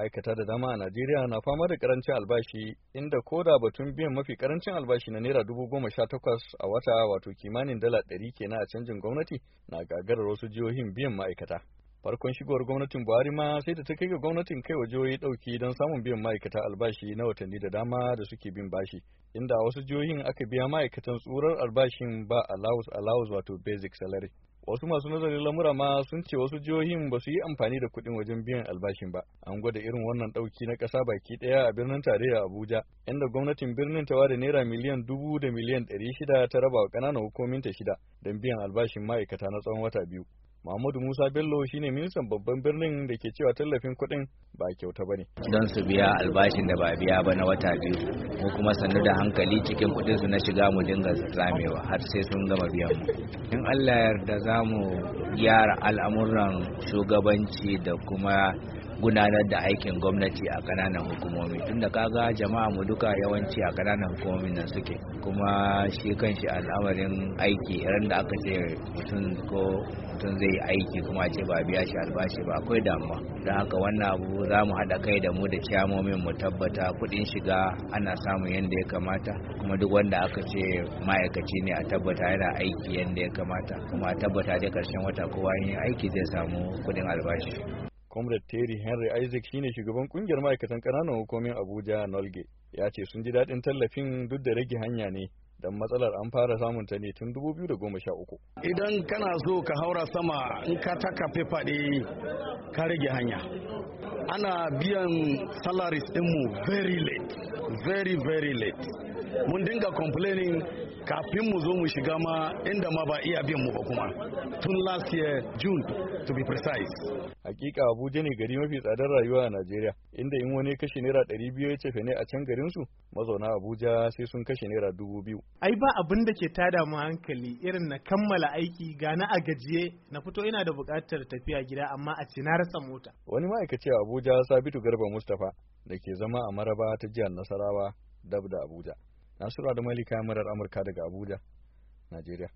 ma'aikata da dama a Najeriya na fama da karancin albashi inda ko da batun biyan mafi karancin albashi na naira dubu goma sha takwas a wata wato kimanin dala ɗari kenan a canjin gwamnati na gagarar wasu jihohin biyan ma'aikata. Farkon shigowar gwamnatin Buhari ma sai da ta kai ga gwamnatin kai wa jihohi ɗauki don samun biyan ma'aikata albashi na watanni da dama da suke bin bashi. Inda wasu jihohin aka biya ma'aikatan tsurar albashin ba allowance allowance wato basic salary. wasu masu nazarin lamura ma sun ce wasu jihohin ba su yi amfani da kuɗin wajen biyan albashin ba an gwada irin wannan ɗauki na ƙasa baki ɗaya a birnin tarayya abuja inda gwamnatin birnin ta ware naira miliyan dubu da miliyan ɗari shida ta raba wa ƙananan hukuminta shida don biyan albashin ma'aikata na tsawon wata biyu Muhammadu Musa Bello shine ministan babban birnin da ke cewa tallafin kuɗin ba kyauta bane. Don su biya albashin da ba biya ba na wata biyu, mu kuma sannu da hankali cikin kuɗin su na shiga mu dinga zamewa har sai sun gama biyan mu. In Allah yarda za mu gyara al'amuran shugabanci da kuma gudanar da aikin gwamnati a kananan hukumomi tunda kaga jama'a mu duka yawanci a kananan hukumomi nan suke kuma shi kanshi al'amarin aiki ran da aka ce mutum ko mutum zai aiki kuma ce ba biya shi albashi ba akwai damuwa don haka wannan abu za mu haɗa kai da mu da ciyamomin mu tabbata kuɗin shiga ana samun yadda ya kamata kuma duk wanda aka ce ma'aikaci ne a tabbata yana aiki yadda ya kamata kuma a tabbata da ƙarshen wata kowa yin aiki zai samu kuɗin albashi comrade terry henry isaac shine shugaban kungiyar ma'aikatan ƙananan hukumin abuja nolge ya ce sun ji daɗin tallafin duk da rage hanya ne dan matsalar an fara samun ta ne tun 2013 idan kana so ka haura sama in ka taka fefaɗe ka rage hanya ana biyan salaries ɗinmu very late very very late mun dinga complaining kafin mu zo mu shiga ma inda ma ba iya biyan mu ba kuma tun last year june to be precise hakika abuja ne gari mafi tsadar rayuwa a najeriya inda in wani kashe naira ɗari biyu ya cefe ne a can garin su mazauna abuja sai sun kashe naira dubu biyu ai ba abin da ke tada mu hankali irin na kammala aiki ga na a gajiye na fito ina da buƙatar tafiya gida amma a ce na rasa mota wani ma'aikaci a abuja sabitu garba mustapha da ke zama a maraba ta jihar nasara Nasarawa dab da Abuja. Nasiru da Malika murar Amurka daga Abuja, Najeriya.